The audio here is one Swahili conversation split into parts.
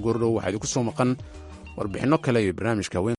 Gordhow waxaa idinku soo maqan warbixinno kale iyo barnaamijka haween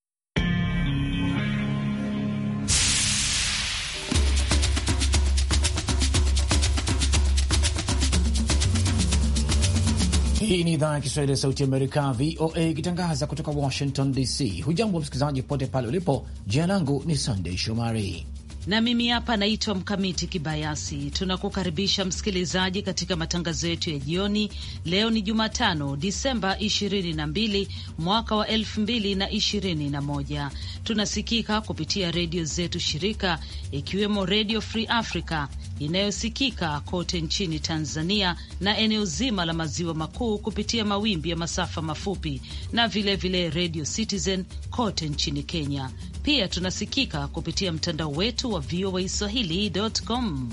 Hii ni idhaa ya Kiswahili ya Sauti Amerika, VOA, ikitangaza kutoka Washington DC. Hujambo msikilizaji popote pale ulipo. Jina langu ni Sandey Shomari na mimi hapa naitwa Mkamiti Kibayasi. Tunakukaribisha msikilizaji katika matangazo yetu ya jioni. Leo ni Jumatano, Disemba 22 mwaka wa 2021. Tunasikika kupitia redio zetu shirika, ikiwemo Redio Free Africa inayosikika kote nchini Tanzania na eneo zima la maziwa makuu kupitia mawimbi ya masafa mafupi na vilevile Redio Citizen kote nchini Kenya. Pia tunasikika kupitia mtandao wetu wa VOA Swahili.com.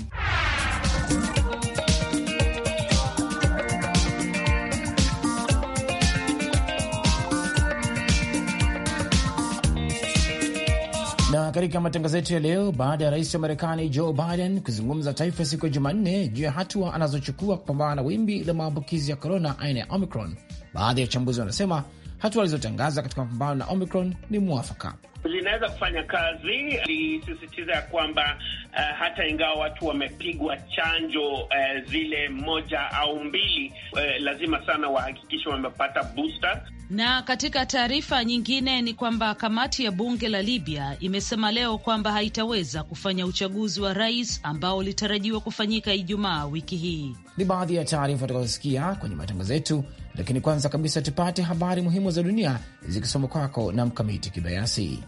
Na katika matangazo yetu ya leo, baada ya rais wa Marekani Joe Biden kuzungumza taifa siku ya Jumanne juu ya hatua anazochukua kupambana na wimbi la maambukizi ya korona aina ya Omicron, baadhi ya wachambuzi wanasema hatua alizotangaza katika mapambano na Omicron ni mwafaka, linaweza kufanya kazi. Lisisitiza ya kwamba uh, hata ingawa watu wamepigwa chanjo uh, zile moja au mbili, uh, lazima sana wahakikishe wamepata booster. Na katika taarifa nyingine ni kwamba kamati ya bunge la Libya imesema leo kwamba haitaweza kufanya uchaguzi wa rais ambao ulitarajiwa kufanyika Ijumaa wiki hii. Ni baadhi ya taarifa utakazosikia kwenye matangazo yetu, lakini kwanza kabisa tupate habari muhimu za dunia zikisoma kwako na Mkamiti Kibayasi.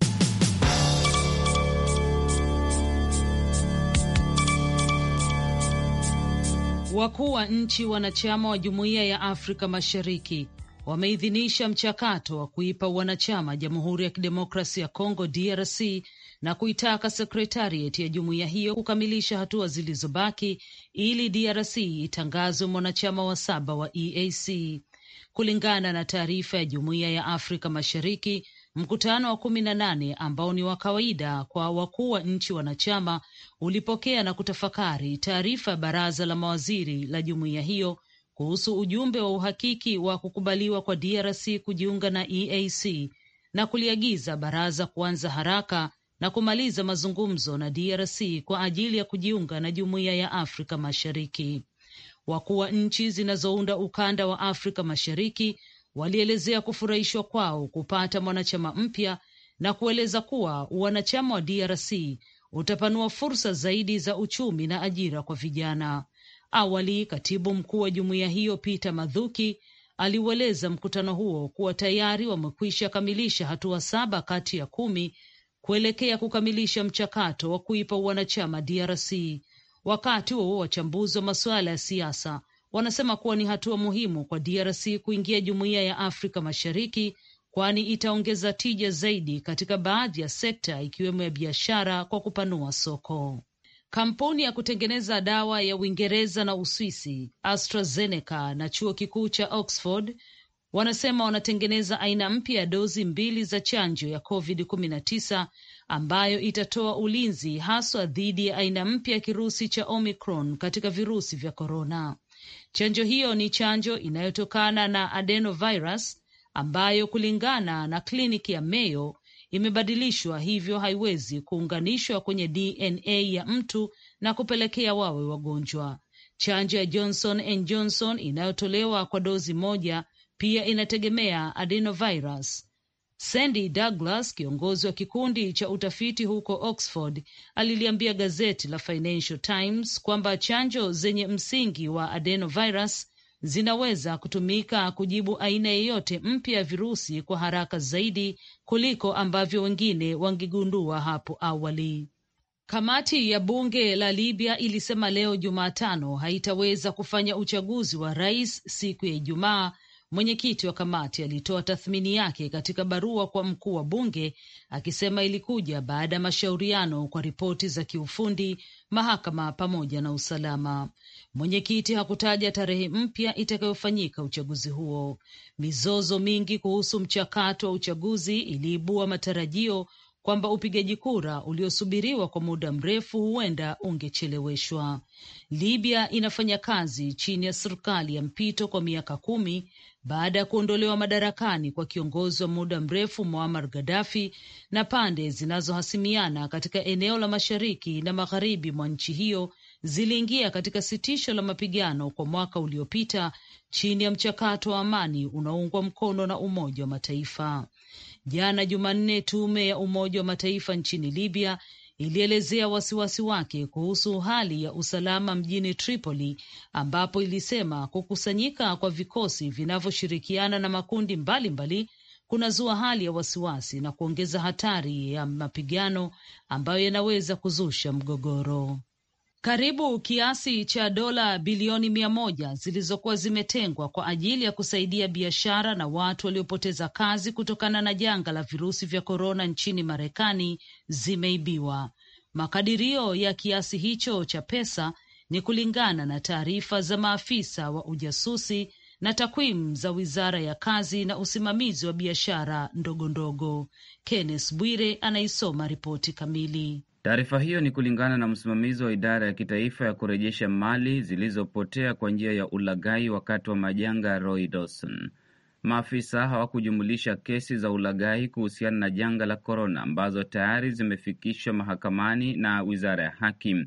Wakuu wa nchi wanachama wa Jumuiya ya Afrika Mashariki wameidhinisha mchakato wa kuipa wanachama Jamhuri ya Kidemokrasi ya Kongo DRC na kuitaka sekretariat ya jumuiya hiyo kukamilisha hatua zilizobaki ili DRC itangazwe mwanachama wa saba wa EAC. Kulingana na taarifa ya Jumuiya ya Afrika Mashariki, mkutano wa kumi na nane ambao ni wa kawaida kwa wakuu wa nchi wanachama ulipokea na kutafakari taarifa ya baraza la mawaziri la jumuiya hiyo kuhusu ujumbe wa uhakiki wa kukubaliwa kwa DRC kujiunga na EAC na kuliagiza baraza kuanza haraka na kumaliza mazungumzo na DRC kwa ajili ya kujiunga na Jumuiya ya Afrika Mashariki. Wakuu wa nchi zinazounda ukanda wa Afrika Mashariki walielezea kufurahishwa kwao kupata mwanachama mpya na kueleza kuwa wanachama wa DRC utapanua fursa zaidi za uchumi na ajira kwa vijana. Awali katibu mkuu wa jumuiya hiyo Peter madhuki aliueleza mkutano huo kuwa tayari wamekwisha kamilisha hatua saba kati ya kumi kuelekea kukamilisha mchakato wa kuipa wanachama DRC. Wakati huo wachambuzi wa masuala ya siasa wanasema kuwa ni hatua muhimu kwa DRC kuingia jumuiya ya Afrika Mashariki, kwani itaongeza tija zaidi katika baadhi ya sekta ikiwemo ya biashara kwa kupanua soko. Kampuni ya kutengeneza dawa ya Uingereza na Uswisi AstraZeneca na chuo kikuu cha Oxford wanasema wanatengeneza aina mpya ya dozi mbili za chanjo ya COVID-19 ambayo itatoa ulinzi haswa dhidi ya aina mpya ya kirusi cha Omicron katika virusi vya korona. Chanjo hiyo ni chanjo inayotokana na adenovirus ambayo kulingana na kliniki ya Mayo imebadilishwa, hivyo haiwezi kuunganishwa kwenye DNA ya mtu na kupelekea wawe wagonjwa. Chanjo ya Johnson and Johnson inayotolewa kwa dozi moja pia inategemea adenovirus. Sandy Douglas, kiongozi wa kikundi cha utafiti huko Oxford, aliliambia gazeti la Financial Times kwamba chanjo zenye msingi wa adenovirus zinaweza kutumika kujibu aina yeyote mpya ya virusi kwa haraka zaidi kuliko ambavyo wengine wangegundua hapo awali. Kamati ya bunge la Libya ilisema leo Jumatano haitaweza kufanya uchaguzi wa rais siku ya Ijumaa Mwenyekiti wa kamati alitoa tathmini yake katika barua kwa mkuu wa bunge akisema ilikuja baada ya mashauriano kwa ripoti za kiufundi, mahakama pamoja na usalama. Mwenyekiti hakutaja tarehe mpya itakayofanyika uchaguzi huo. Mizozo mingi kuhusu mchakato wa uchaguzi iliibua matarajio kwamba upigaji kura uliosubiriwa kwa muda mrefu huenda ungecheleweshwa. Libya inafanya kazi chini ya serikali ya mpito kwa miaka kumi baada ya kuondolewa madarakani kwa kiongozi wa muda mrefu Muammar Gaddafi na pande zinazohasimiana katika eneo la mashariki na magharibi mwa nchi hiyo ziliingia katika sitisho la mapigano kwa mwaka uliopita chini ya mchakato wa amani unaoungwa mkono na Umoja wa Mataifa. Jana Jumanne, tume ya Umoja wa Mataifa nchini Libya ilielezea wasiwasi wake kuhusu hali ya usalama mjini Tripoli, ambapo ilisema kukusanyika kwa vikosi vinavyoshirikiana na makundi mbalimbali kunazua hali ya wasiwasi na kuongeza hatari ya mapigano ambayo yanaweza kuzusha mgogoro karibu kiasi cha dola bilioni mia moja zilizokuwa zimetengwa kwa ajili ya kusaidia biashara na watu waliopoteza kazi kutokana na janga la virusi vya korona nchini Marekani zimeibiwa. Makadirio ya kiasi hicho cha pesa ni kulingana na taarifa za maafisa wa ujasusi na takwimu za Wizara ya Kazi na Usimamizi wa Biashara Ndogondogo. Kenneth Bwire anaisoma ripoti kamili. Taarifa hiyo ni kulingana na msimamizi wa idara ya kitaifa ya kurejesha mali zilizopotea kwa njia ya ulaghai wakati wa majanga, Roy Dawson. Maafisa hawakujumulisha kesi za ulaghai kuhusiana na janga la korona ambazo tayari zimefikishwa mahakamani na wizara ya haki.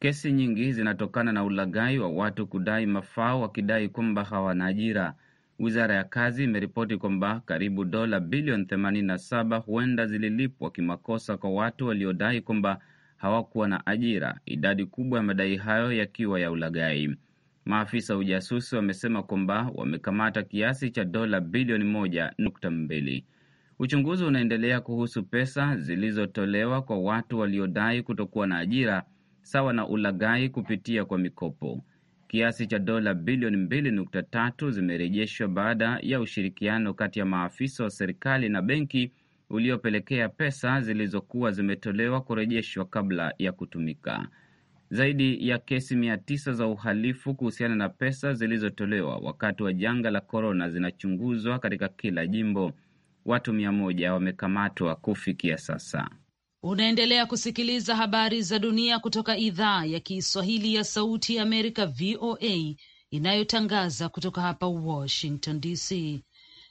Kesi nyingi zinatokana na ulaghai wa watu kudai mafao wakidai kwamba hawana ajira. Wizara ya Kazi imeripoti kwamba karibu dola bilioni 87 huenda zililipwa kimakosa kwa watu waliodai kwamba hawakuwa na ajira, idadi kubwa ya madai hayo yakiwa ya ulaghai. Maafisa wa ujasusi wamesema kwamba wamekamata kiasi cha dola bilioni 12 Uchunguzi unaendelea kuhusu pesa zilizotolewa kwa watu waliodai kutokuwa na ajira sawa na ulaghai kupitia kwa mikopo kiasi cha dola bilioni mbili nukta tatu zimerejeshwa baada ya ushirikiano kati ya maafisa wa serikali na benki uliopelekea pesa zilizokuwa zimetolewa kurejeshwa kabla ya kutumika. Zaidi ya kesi mia tisa za uhalifu kuhusiana na pesa zilizotolewa wakati wa janga la korona zinachunguzwa katika kila jimbo. Watu mia moja wamekamatwa kufikia sasa. Unaendelea kusikiliza habari za dunia kutoka idhaa ya Kiswahili ya Sauti ya Amerika, VOA, inayotangaza kutoka hapa Washington DC.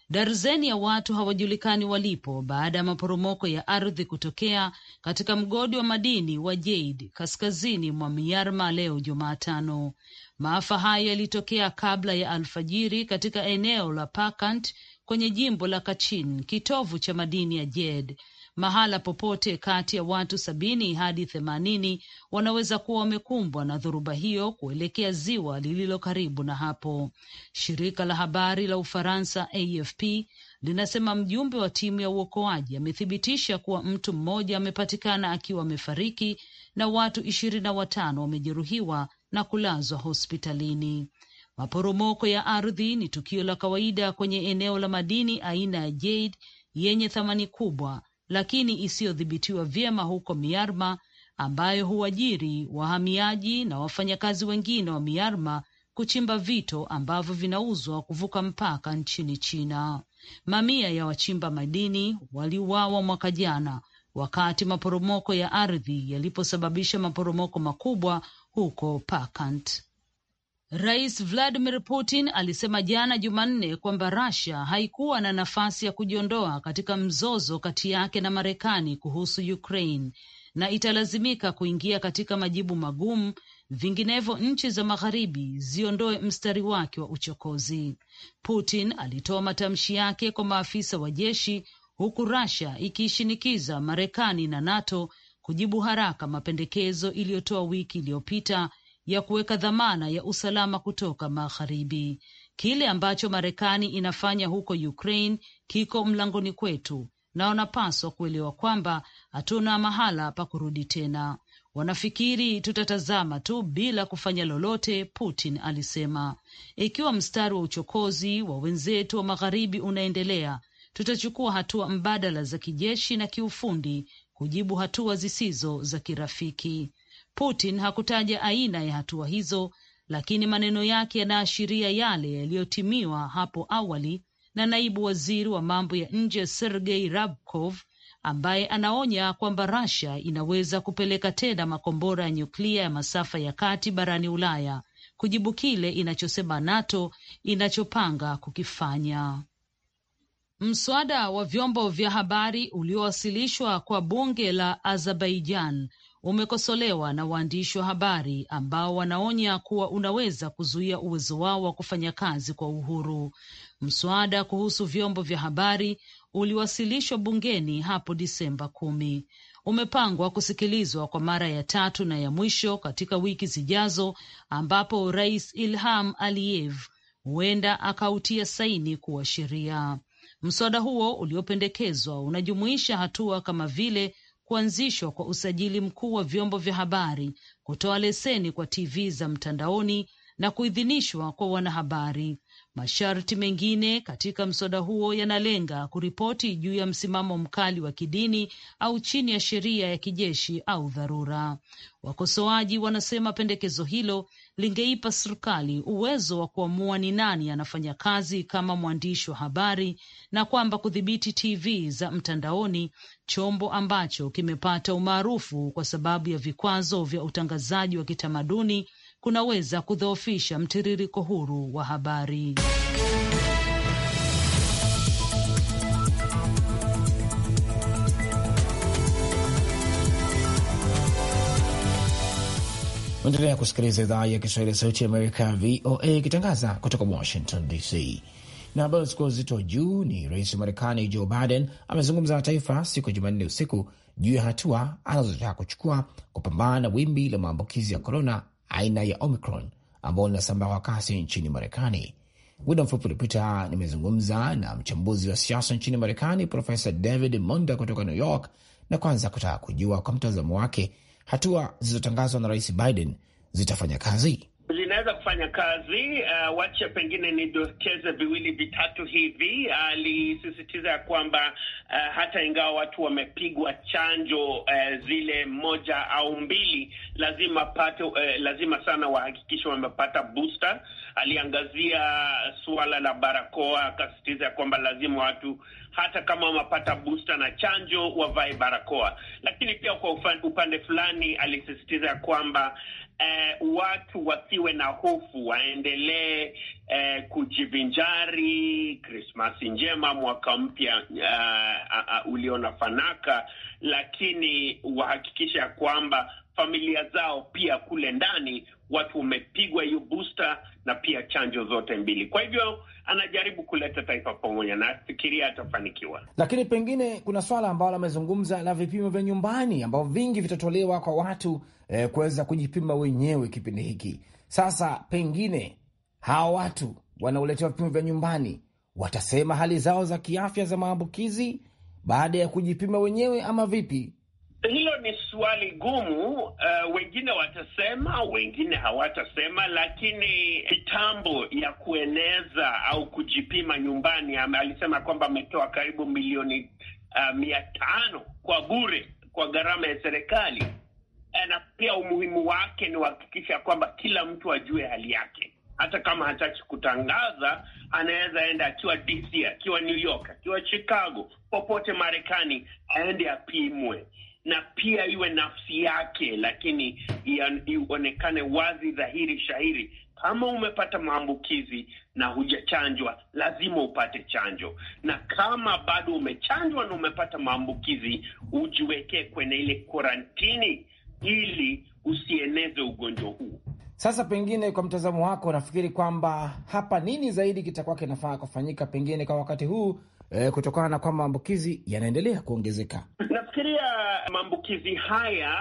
Darzeni ya watu hawajulikani walipo baada ya maporomoko ya ardhi kutokea katika mgodi wa madini wa Jade kaskazini mwa Myanmar leo Jumatano. Maafa hayo yalitokea kabla ya alfajiri katika eneo la Pakant kwenye jimbo la Kachin, kitovu cha madini ya Jade, Mahala popote kati ya watu sabini hadi themanini wanaweza kuwa wamekumbwa na dhoruba hiyo kuelekea ziwa lililo karibu na hapo. Shirika la habari la Ufaransa AFP linasema mjumbe wa timu ya uokoaji amethibitisha kuwa mtu mmoja amepatikana akiwa amefariki na watu ishirini na watano wamejeruhiwa na kulazwa hospitalini. Maporomoko ya ardhi ni tukio la kawaida kwenye eneo la madini aina ya jade yenye thamani kubwa lakini isiyodhibitiwa vyema huko Myanmar, ambayo huajiri wahamiaji na wafanyakazi wengine wa Myanmar kuchimba vito ambavyo vinauzwa kuvuka mpaka nchini China. Mamia ya wachimba madini waliuawa mwaka jana wakati maporomoko ya ardhi yaliposababisha maporomoko makubwa huko Pakant. Rais Vladimir Putin alisema jana Jumanne kwamba Russia haikuwa na nafasi ya kujiondoa katika mzozo kati yake na Marekani kuhusu Ukraine na italazimika kuingia katika majibu magumu, vinginevyo nchi za magharibi ziondoe mstari wake wa uchokozi. Putin alitoa matamshi yake kwa maafisa wa jeshi, huku Russia ikiishinikiza Marekani na NATO kujibu haraka mapendekezo iliyotoa wiki iliyopita ya kuweka dhamana ya usalama kutoka magharibi. Kile ambacho Marekani inafanya huko Ukraine kiko mlangoni kwetu, na wanapaswa kuelewa kwamba hatuna mahala pa kurudi tena. Wanafikiri tutatazama tu bila kufanya lolote, Putin alisema. Ikiwa mstari wa uchokozi wa wenzetu wa magharibi unaendelea, tutachukua hatua mbadala za kijeshi na kiufundi kujibu hatua zisizo za kirafiki. Putin hakutaja aina ya hatua hizo, lakini maneno yake yanaashiria yale yaliyotimiwa hapo awali na naibu waziri wa mambo ya nje Sergei Rabkov ambaye anaonya kwamba Russia inaweza kupeleka tena makombora ya nyuklia ya masafa ya kati barani Ulaya kujibu kile inachosema NATO inachopanga kukifanya. Mswada wa vyombo vya habari uliowasilishwa kwa bunge la Azerbaijan umekosolewa na waandishi wa habari ambao wanaonya kuwa unaweza kuzuia uwezo wao wa kufanya kazi kwa uhuru. Mswada kuhusu vyombo vya habari uliwasilishwa bungeni hapo Disemba kumi umepangwa kusikilizwa kwa mara ya tatu na ya mwisho katika wiki zijazo, ambapo Rais Ilham Aliyev huenda akautia saini kuwa sheria. Mswada huo uliopendekezwa unajumuisha hatua kama vile kuanzishwa kwa usajili mkuu wa vyombo vya habari, kutoa leseni kwa TV za mtandaoni na kuidhinishwa kwa wanahabari. Masharti mengine katika mswada huo yanalenga kuripoti juu ya msimamo mkali wa kidini au chini ya sheria ya kijeshi au dharura. Wakosoaji wanasema pendekezo hilo lingeipa serikali uwezo wa kuamua ni nani anafanya kazi kama mwandishi wa habari na kwamba kudhibiti TV za mtandaoni, chombo ambacho kimepata umaarufu kwa sababu ya vikwazo vya utangazaji wa kitamaduni kunaweza kudhoofisha mtiririko huru wa habari. Endelea kusikiliza idhaa ya Kiswahili ya Sauti ya Amerika, VOA, ikitangaza kutoka Washington DC. Na habari zikuwa uzito wa juu ni rais wa Marekani Joe Biden amezungumza na taifa siku ya Jumanne usiku juu ya hatua anazotaka kuchukua kupambana na wimbi la maambukizi ya korona aina ya Omicron ambao linasambaa kwa kasi nchini Marekani. Muda mfupi uliopita nimezungumza na mchambuzi wa siasa nchini Marekani, Profesa David Monda kutoka New York, na kwanza kutaka kujua kwa mtazamo wake hatua zilizotangazwa na Rais Biden zitafanya kazi zinaweza kufanya kazi uh, wacha pengine nidokeze viwili vitatu hivi. Alisisitiza uh, ya kwamba uh, hata ingawa watu wamepigwa chanjo uh, zile moja au mbili, lazima pate, uh, lazima sana wahakikishe wamepata booster. Aliangazia suala la barakoa, akasisitiza ya kwamba lazima watu hata kama wamepata booster na chanjo wavae barakoa, lakini pia kwa upande fulani alisisitiza ya kwamba eh, watu wasiwe na hofu, waendelee eh, kujivinjari. Krismasi njema, mwaka mpya uh, eh, uh, uliona fanaka, lakini wahakikisha kwamba familia zao pia kule ndani watu wamepigwa hiyo booster na pia chanjo zote mbili. Kwa hivyo anajaribu kuleta taifa pamoja, nafikiria atafanikiwa. Lakini pengine kuna swala ambalo amezungumza la vipimo vya nyumbani ambavyo vingi vitatolewa kwa watu eh, kuweza kujipima wenyewe kipindi hiki. Sasa pengine hawa watu wanaoletewa vipimo vya nyumbani watasema hali zao za kiafya za maambukizi baada ya kujipima wenyewe ama vipi? Hilo ni swali gumu. Uh, wengine watasema, wengine hawatasema, lakini mitambo ya kueneza au kujipima nyumbani alisema kwamba ametoa karibu milioni uh, mia tano kwa bure kwa gharama ya serikali Eh, na pia umuhimu wake ni kuhakikisha kwamba kila mtu ajue hali yake, hata kama hataki kutangaza, anaweza enda akiwa DC, akiwa New York, akiwa Chicago, popote Marekani, aende apimwe na pia iwe nafsi yake, lakini ionekane wazi, dhahiri shahiri kama umepata maambukizi na hujachanjwa, lazima upate chanjo, na kama bado umechanjwa na umepata maambukizi, ujiwekee kwenye ile karantini ili usieneze ugonjwa huu. Sasa pengine kwa mtazamo wako, nafikiri kwamba hapa nini zaidi kitakuwa kinafaa kufanyika pengine kwa wakati huu eh, kutokana na kwamba maambukizi yanaendelea kuongezeka? Nafikiria maambukizi haya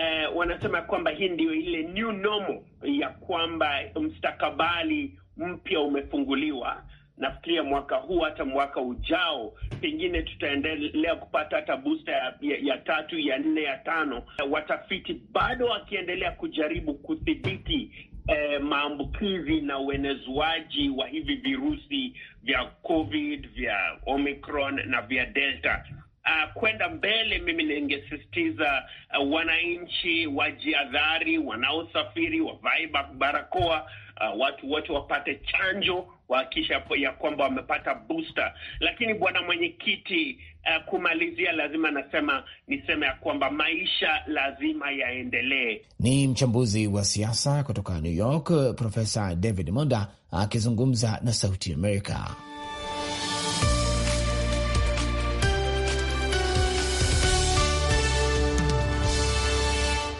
eh, wanasema kwamba hii ndio ile new normal ya kwamba mstakabali mpya umefunguliwa nafikiria mwaka huu hata mwaka ujao, pengine tutaendelea kupata hata booster ya, ya, ya tatu ya nne ya tano, watafiti bado wakiendelea kujaribu kudhibiti eh, maambukizi na uenezwaji wa hivi virusi vya COVID vya Omicron na vya Delta. Uh, kwenda mbele, mimi ningesisitiza uh, wananchi wajiadhari, wanaosafiri wavae barakoa, uh, watu wote wapate chanjo wahakisha ya kwamba wamepata booster. Lakini bwana mwenyekiti, uh, kumalizia, lazima nasema niseme ya kwamba maisha lazima yaendelee. Ni mchambuzi wa siasa kutoka New York, Profesa David Monda akizungumza na Sauti Amerika.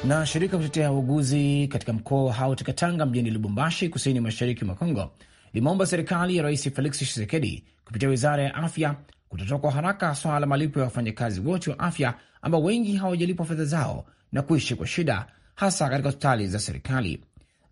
Na shirika kutetea wauguzi katika mkoa wa Haut Katanga mjini Lubumbashi, kusini mashariki mwa Kongo, limeomba serikali ya Rais Felix Tshisekedi kupitia wizara ya afya kutotoa kwa haraka swala la malipo ya wafanyakazi wote wa afya ambao wengi hawajalipwa fedha zao na kuishi kwa shida, hasa katika hospitali za serikali.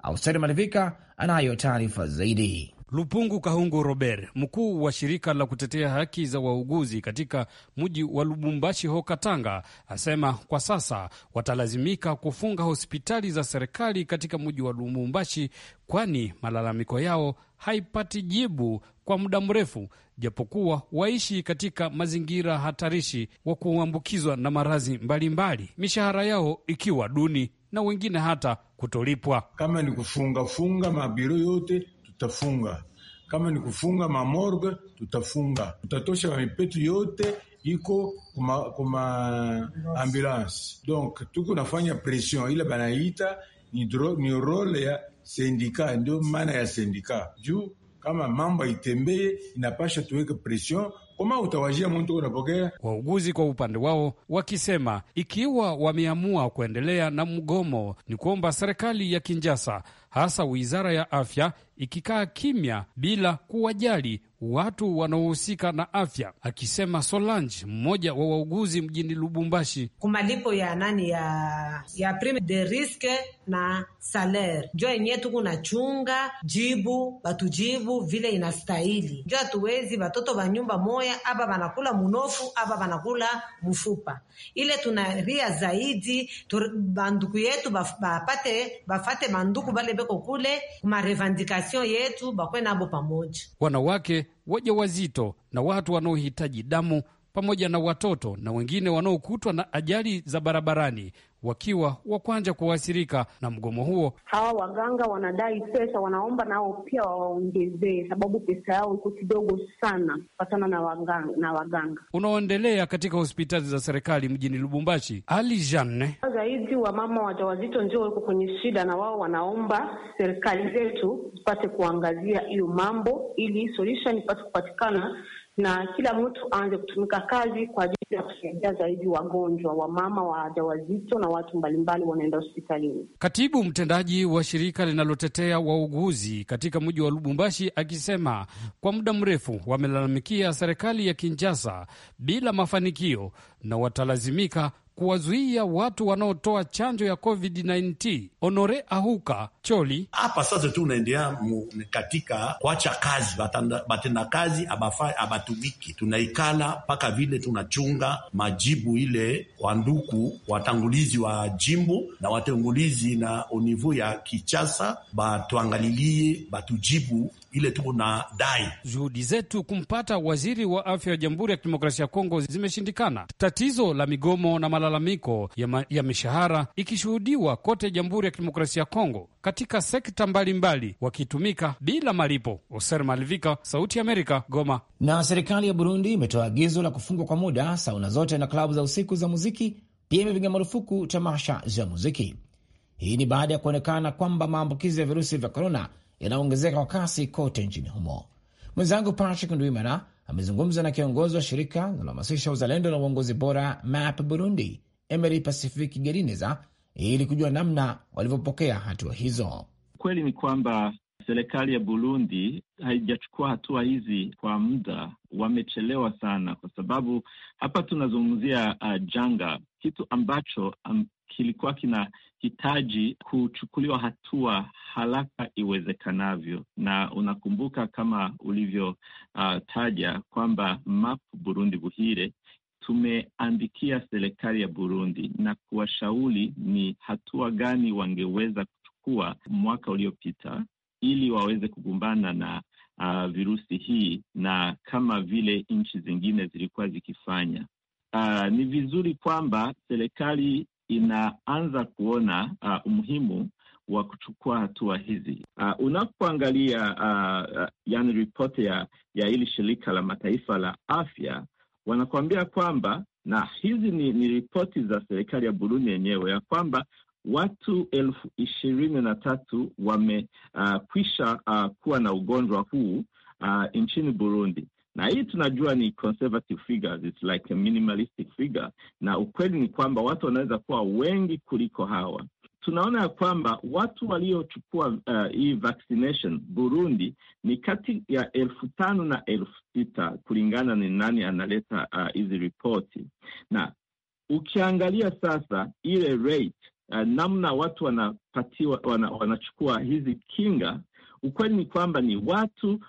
Austeri Malivika anayo taarifa zaidi. Lupungu Kahungu Robert, mkuu wa shirika la kutetea haki za wauguzi katika mji wa Lubumbashi ho Katanga, asema kwa sasa watalazimika kufunga hospitali za serikali katika mji wa Lubumbashi, kwani malalamiko yao haipati jibu kwa muda mrefu, japokuwa waishi katika mazingira hatarishi wa kuambukizwa na maradhi mbalimbali, mishahara yao ikiwa duni na wengine hata kutolipwa. Kama ni kufungafunga mabiro yote tutafunga. Kama ni kufunga mamorge tutafunga, tutatosha mipetu yote iko kuma, kuma ambulance. Donc tuko nafanya pression ile banaita ni, ni role ya sendika, ndio maana ya sendika juu kama mambo itembee inapasha tuweke pression kama utawajia mtu unapokea. Wauguzi kwa upande wao wakisema ikiwa wameamua kuendelea na mgomo, ni kuomba serikali ya Kinjasa hasa wizara ya afya ikikaa kimya bila kuwajali watu wanaohusika na afya, akisema Solange, mmoja wa wauguzi mjini Lubumbashi. kumalipo ya nani ya ya prime de risque na saler njo yenye tuku na chunga jibu batujibu vile inastahili, njo hatuwezi batoto ba nyumba moya, aba banakula munofu, aba banakula mfupa ile tunaria zaidi banduku yetu bapate bafate banduku bale beko kule kumarevendikation yetu bakwe nabo pamoja, wanawake waja wazito na watu wanaohitaji damu pamoja na watoto na wengine wanaokutwa na ajali za barabarani wakiwa wa kwanza kuathirika na mgomo huo. Hawa waganga wanadai pesa, wanaomba nao pia wawaongezee, sababu pesa yao iko kidogo sana kupatana na waganga, na waganga unaoendelea katika hospitali za serikali mjini Lubumbashi. Ali janne zaidi wamama wajawazito ndio wako kwenye shida, na wao wanaomba serikali zetu zipate kuangazia hiyo mambo ili solution ipate kupatikana na kila mtu aanze kutumika kazi kwa ajili ya kusaidia zaidi wagonjwa, wa wamama, wajawazito na watu mbalimbali wanaenda hospitalini. Katibu mtendaji wa shirika linalotetea wauguzi katika mji wa Lubumbashi akisema kwa muda mrefu wamelalamikia serikali ya Kinshasa bila mafanikio na watalazimika kuwazuia watu wanaotoa chanjo ya COVID-19. Honore Ahuka Choli: hapa sasa tu unaendelea katika kuacha kazi batenda kazi abatumiki, tunaikala mpaka vile tunachunga majibu ile kwa nduku watangulizi wa jimbo na watangulizi na univu ya Kichasa, batuangalilie batujibu ile tuko na dai. Juhudi zetu kumpata waziri wa afya wa Jamhuri ya Kidemokrasia ya Kongo zimeshindikana. Tatizo la migomo na malalamiko ya, ma, ya mishahara ikishuhudiwa kote Jamhuri ya Kidemokrasia ya Kongo katika sekta mbalimbali, wakitumika bila malipo. Oser Malivika, Sauti ya Amerika, Goma. Na serikali ya Burundi imetoa agizo la kufungwa kwa muda sauna zote na klabu za usiku za muziki, pia imepiga marufuku tamasha za muziki. Hii ni baada ya kuonekana kwamba maambukizi ya virusi vya korona yanaongezeka kwa kasi kote nchini humo. Mwenzangu Patrick Ndwimana amezungumza na kiongozi wa shirika linalohamasisha uzalendo na uongozi bora MAP Burundi, Emery Pacific Gerineza, ili kujua namna walivyopokea hatua hizo. Kweli ni kwamba serikali ya Burundi haijachukua hatua hizi kwa muda, wamechelewa sana, kwa sababu hapa tunazungumzia uh, janga, kitu ambacho um, kilikuwa kinahitaji kuchukuliwa hatua haraka iwezekanavyo, na unakumbuka kama ulivyotaja uh, kwamba MAP Burundi Buhire tumeandikia serikali ya Burundi na kuwashauri ni hatua gani wangeweza kuchukua mwaka uliopita ili waweze kugumbana na uh, virusi hii na kama vile nchi zingine zilikuwa zikifanya. Uh, ni vizuri kwamba serikali inaanza kuona uh, umuhimu wa kuchukua hatua hizi. Uh, unapoangalia uh, uh, yani ripoti ya ya hili shirika la mataifa la afya wanakuambia kwamba, na hizi ni, ni ripoti za serikali ya Burundi yenyewe ya kwamba watu elfu ishirini na tatu wamekwisha uh, uh, kuwa na ugonjwa huu uh, nchini Burundi na hii tunajua ni conservative figures, it's like a minimalistic figure, na ukweli ni kwamba watu wanaweza kuwa wengi kuliko hawa. Tunaona ya kwamba watu waliochukua uh, hii vaccination Burundi ni kati ya elfu tano na elfu sita kulingana ni nani analeta uh, hizi uh, ripoti, na ukiangalia sasa ile rate uh, namna watu wanapatiwa wana, wanachukua hizi kinga, ukweli ni kwamba ni watu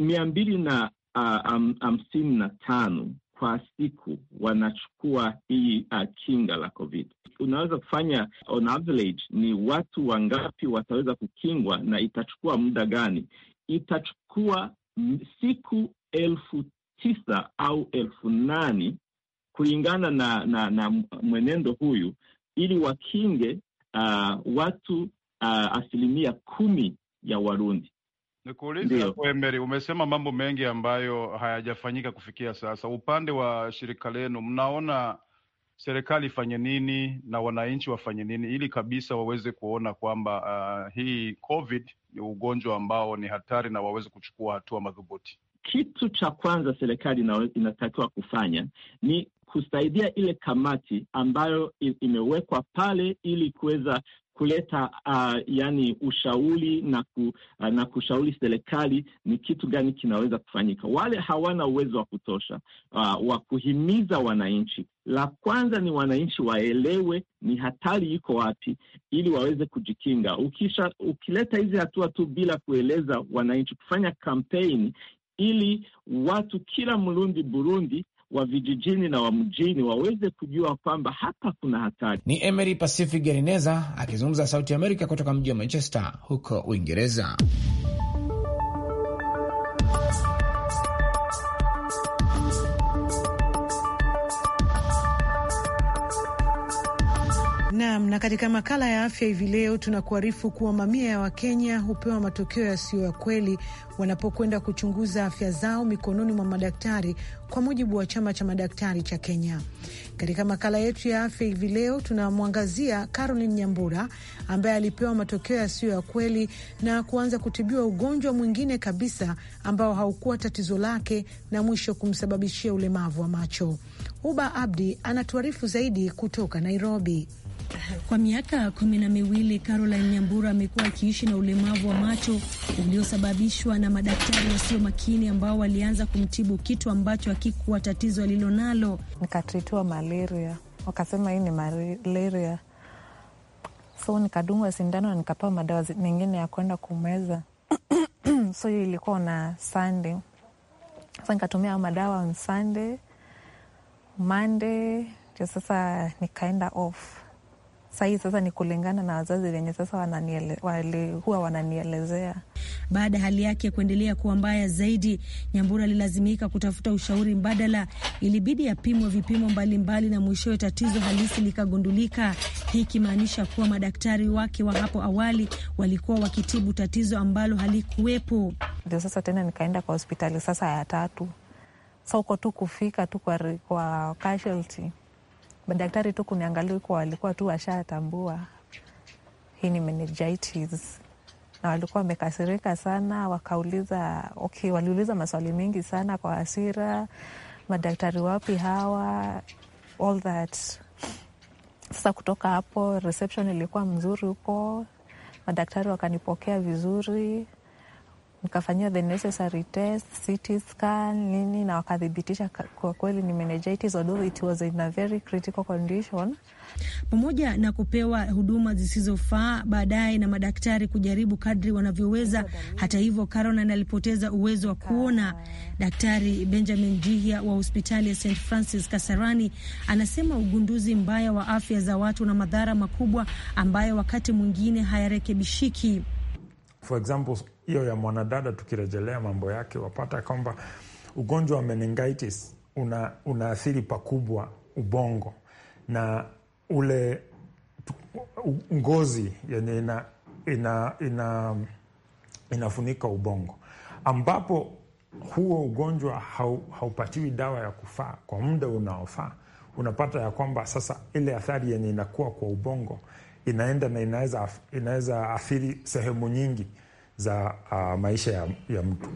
mia mbili na Ah, hamsini uh, na tano kwa siku wanachukua hii uh, kinga la COVID. Unaweza kufanya on average, ni watu wangapi wataweza kukingwa na itachukua muda gani? Itachukua siku elfu tisa au elfu nane kulingana na, na, na mwenendo huyu ili wakinge uh, watu uh, asilimia kumi ya Warundi. Nikuulize Emery, umesema mambo mengi ambayo hayajafanyika kufikia sasa. Upande wa shirika lenu, mnaona serikali ifanye nini na wananchi wafanye nini ili kabisa waweze kuona kwamba uh, hii COVID ni ugonjwa ambao ni hatari na waweze kuchukua hatua madhubuti? Kitu cha kwanza serikali inatakiwa kufanya ni kusaidia ile kamati ambayo imewekwa pale ili kuweza kuleta uh, yani ushauri na, ku, uh, na kushauri serikali ni kitu gani kinaweza kufanyika. Wale hawana uwezo wa kutosha uh, wa kuhimiza wananchi, la kwanza ni wananchi waelewe ni hatari iko wapi, ili waweze kujikinga. Ukisha, ukileta hizi hatua tu bila kueleza wananchi, kufanya kampeni ili watu kila Mrundi Burundi wa vijijini na wa mjini waweze kujua kwamba hapa kuna hatari. Ni Emery Pacific Garineza akizungumza Sauti Amerika kutoka mji wa Manchester huko Uingereza. Nam. Na katika makala ya afya hivi leo tunakuarifu kuwa mamia ya Wakenya hupewa matokeo yasiyo ya kweli wanapokwenda kuchunguza afya zao mikononi mwa madaktari, kwa mujibu wa chama cha madaktari cha Kenya. Katika makala yetu ya afya hivi leo tunamwangazia Caroline Nyambura ambaye alipewa matokeo yasiyo ya kweli na kuanza kutibiwa ugonjwa mwingine kabisa ambao haukuwa tatizo lake na mwisho kumsababishia ulemavu wa macho. Uba Abdi anatuarifu zaidi kutoka Nairobi. Kwa miaka kumi na miwili Caroline Nyambura amekuwa akiishi na ulemavu wa macho uliosababishwa na madaktari wasio makini ambao walianza kumtibu kitu ambacho hakikuwa tatizo alilonalo. Nikatritiwa malaria, wakasema hii ni malaria, so nikadungwa sindano, nikapewa madawa mengine ya kwenda kumeza so hiyo ilikuwa na Sunday, sasa nikatumia madawa on Sunday, Monday ndio sasa nikaenda off sahii sasa ni kulingana na wazazi wenye sasa wananiele, wale huwa wananielezea. Baada ya hali yake kuendelea kuwa mbaya zaidi, Nyambura alilazimika kutafuta ushauri mbadala. Ilibidi apimwe vipimo mbalimbali mbali, na mwishowe tatizo halisi likagundulika, hii ikimaanisha kuwa madaktari wake wa hapo awali walikuwa wakitibu tatizo ambalo halikuwepo. Ndio sasa tena nikaenda kwa hospitali sasa ya tatu, sa uko tu kufika tu kwa, kwa casualty madaktari tu kuniangalia huko walikuwa tu washatambua hii ni meningitis na walikuwa wamekasirika sana, wakauliza okay, waliuliza maswali mengi sana kwa hasira, madaktari wapi hawa, all that. Sasa kutoka hapo reception ilikuwa mzuri huko, madaktari wakanipokea vizuri nikafanyia the necessary test, CT scan nini, na wakathibitisha kwa kweli ni meningitis, although it was in a very critical condition. Pamoja na kupewa huduma zisizofaa baadaye na madaktari kujaribu kadri wanavyoweza. Hata hivyo, Caroline alipoteza uwezo wa kuona. Daktari Benjamin Jihia wa hospitali ya St Francis Kasarani anasema ugunduzi mbaya wa afya za watu na madhara makubwa ambayo wakati mwingine hayarekebishiki. For example, hiyo ya mwanadada tukirejelea mambo yake, wapata kwamba ugonjwa wa meningitis una, unaathiri pakubwa ubongo na ule ngozi yenye ina, ina, ina, inafunika ubongo ambapo huo ugonjwa haupatiwi dawa ya kufaa kwa muda unaofaa, unapata ya kwamba sasa ile athari yenye inakuwa kwa ubongo inaenda na inaweza inaweza athiri sehemu nyingi za uh, maisha ya, ya mtu.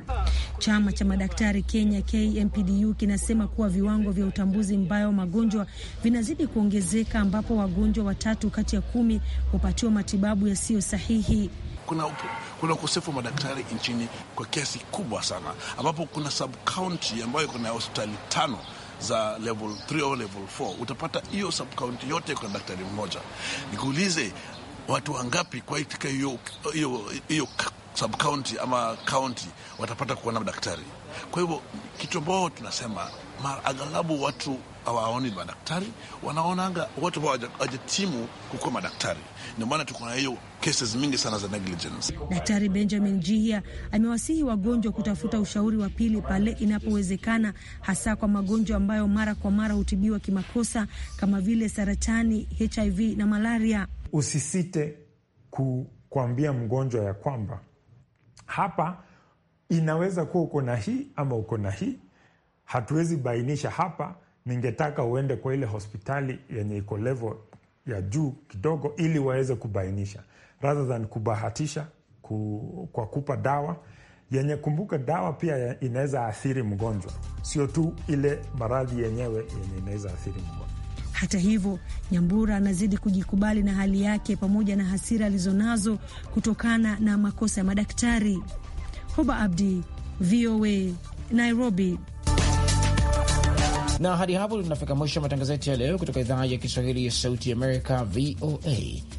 Chama cha madaktari Kenya KMPDU kinasema kuwa viwango vya utambuzi mbaya wa magonjwa vinazidi kuongezeka ambapo wagonjwa watatu kati ya kumi hupatiwa matibabu yasiyo sahihi. Kuna kuna ukosefu wa madaktari nchini kwa kiasi kubwa sana, ambapo kuna sub county ambayo kuna hospitali tano za level 3 au level 4, utapata hiyo sub county yote kwa daktari mmoja. Nikuulize, watu wangapi katika hiyo hiyo sub county ama county watapata kuona daktari? Kwa hivyo kitu ambao tunasema mara aghalabu watu hawaoni madaktari, wanaonanga watu ambao hawajatimu kukuwa madaktari. Ndio maana tuko na hiyo cases mingi sana za negligence. Daktari Benjamin Jihia amewasihi wagonjwa kutafuta ushauri wa pili pale inapowezekana, hasa kwa magonjwa ambayo mara kwa mara hutibiwa kimakosa kama vile saratani, HIV na malaria. Usisite kukwambia mgonjwa ya kwamba hapa inaweza kuwa uko na hii ama uko na hii, hatuwezi bainisha hapa ningetaka uende kwa ile hospitali yenye iko level ya juu kidogo, ili waweze kubainisha rather than kubahatisha ku, kwa kupa dawa yenye kumbuka, dawa pia inaweza athiri mgonjwa, sio tu ile maradhi yenyewe yenye inaweza athiri mgonjwa. Hata hivyo, Nyambura anazidi kujikubali na hali yake pamoja na hasira alizonazo kutokana na makosa ya madaktari. Hoba Abdi, VOA, Nairobi na hadi hapo tunafika mwisho matangazo yetu ya leo kutoka idhaa ya Kiswahili ya Sauti Amerika, VOA.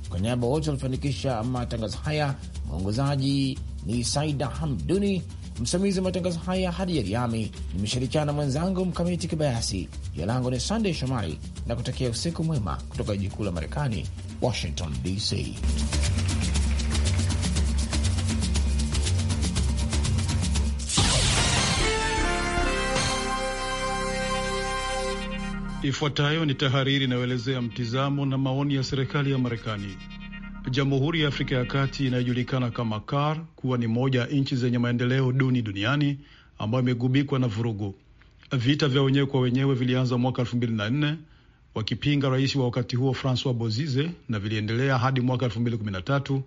Kwa niaba wote walifanikisha matangazo haya, mwongozaji ni Saida Hamduni, msimamizi wa matangazo haya hadi Yariami. Nimeshirikiana na mwenzangu Mkamiti Kibayasi. Jina langu ni Sandey Shomari na kutakia usiku mwema kutoka jikuu la Marekani, Washington DC. Ifuatayo ni tahariri inayoelezea mtizamo na maoni ya serikali ya Marekani. Jamhuri ya Afrika ya Kati inayojulikana kama CAR kuwa ni moja ya nchi zenye maendeleo duni duniani ambayo imegubikwa na vurugu. Vita vya wenyewe kwa wenyewe vilianza mwaka 2004 wakipinga rais wa wakati huo Francois Bozize na viliendelea hadi mwaka 2013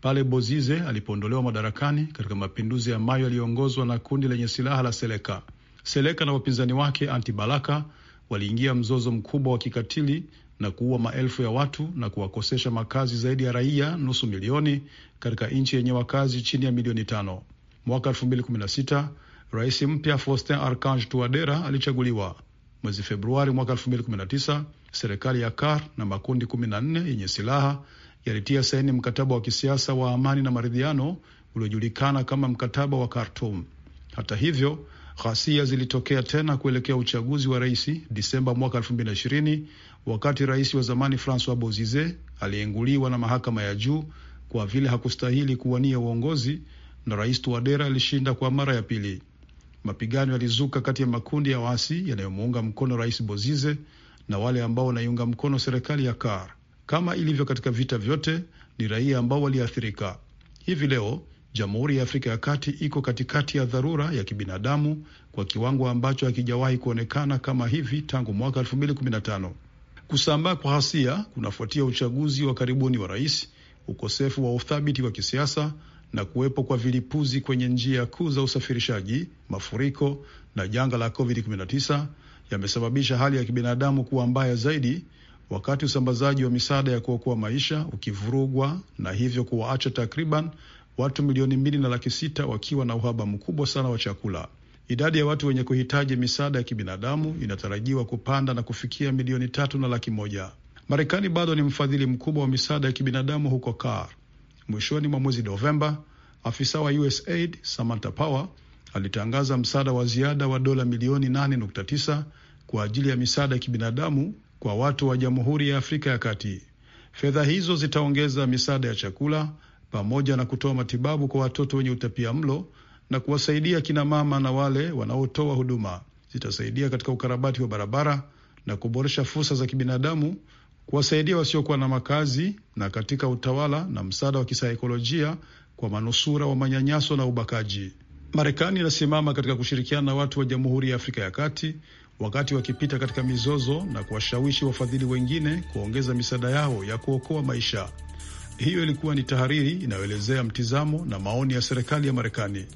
pale Bozize alipoondolewa madarakani katika mapinduzi ambayo yaliongozwa na kundi lenye silaha la Seleka. Seleka na wapinzani wake Antibalaka Balaka waliingia mzozo mkubwa wa kikatili na kuua maelfu ya watu na kuwakosesha makazi zaidi ya raia nusu milioni katika nchi yenye wakazi chini ya milioni tano. Mwaka 2016 rais mpya Faustin Archange Touadera alichaguliwa. Mwezi Februari mwaka 2019 serikali ya CAR na makundi 14 yenye silaha yalitia saini mkataba wa kisiasa wa amani na maridhiano uliojulikana kama mkataba wa Khartoum. Hata hivyo Ghasia zilitokea tena kuelekea uchaguzi wa rais Disemba mwaka 2020 wakati rais wa zamani Francois Bozize aliyeinguliwa na mahakama ya juu kwa vile hakustahili kuwania uongozi na rais tuadera alishinda kwa mara ya pili. Mapigano yalizuka kati ya makundi ya waasi yanayomuunga mkono rais Bozize na wale ambao wanaiunga mkono serikali ya Kar. Kama ilivyo katika vita vyote, ni raia ambao waliathirika. Hivi leo Jamhuri ya Afrika ya Kati iko katikati ya dharura ya kibinadamu kwa kiwango ambacho hakijawahi kuonekana kama hivi tangu mwaka 2015. Kusambaa kwa hasia kunafuatia uchaguzi wa karibuni wa rais, ukosefu wa uthabiti wa kisiasa na kuwepo kwa vilipuzi kwenye njia kuu za usafirishaji, mafuriko na janga la COVID-19 yamesababisha hali ya kibinadamu kuwa mbaya zaidi, wakati usambazaji wa misaada ya kuokoa maisha ukivurugwa na hivyo kuwaacha takriban watu milioni mbili na laki sita wakiwa na uhaba mkubwa sana wa chakula. Idadi ya watu wenye kuhitaji misaada ya kibinadamu inatarajiwa kupanda na kufikia milioni tatu na laki moja. Marekani bado ni mfadhili mkubwa wa misaada ya kibinadamu huko Kar. Mwishoni mwa mwezi Novemba, afisa wa USAID Samantha Power alitangaza msaada wa ziada wa dola milioni 8.9 kwa ajili ya misaada ya kibinadamu kwa watu wa Jamhuri ya Afrika ya Kati. Fedha hizo zitaongeza misaada ya chakula pamoja na kutoa matibabu kwa watoto wenye utapia mlo na kuwasaidia kina mama na wale wanaotoa huduma. Zitasaidia katika ukarabati wa barabara na kuboresha fursa za kibinadamu, kuwasaidia wasiokuwa na makazi, na katika utawala na msaada wa kisaikolojia kwa manusura wa manyanyaso na ubakaji. Marekani inasimama katika kushirikiana na watu wa Jamhuri ya Afrika ya Kati wakati wakipita katika mizozo na kuwashawishi wafadhili wengine kuongeza misaada yao ya kuokoa maisha. Hiyo ilikuwa ni tahariri inayoelezea mtizamo na maoni ya serikali ya Marekani.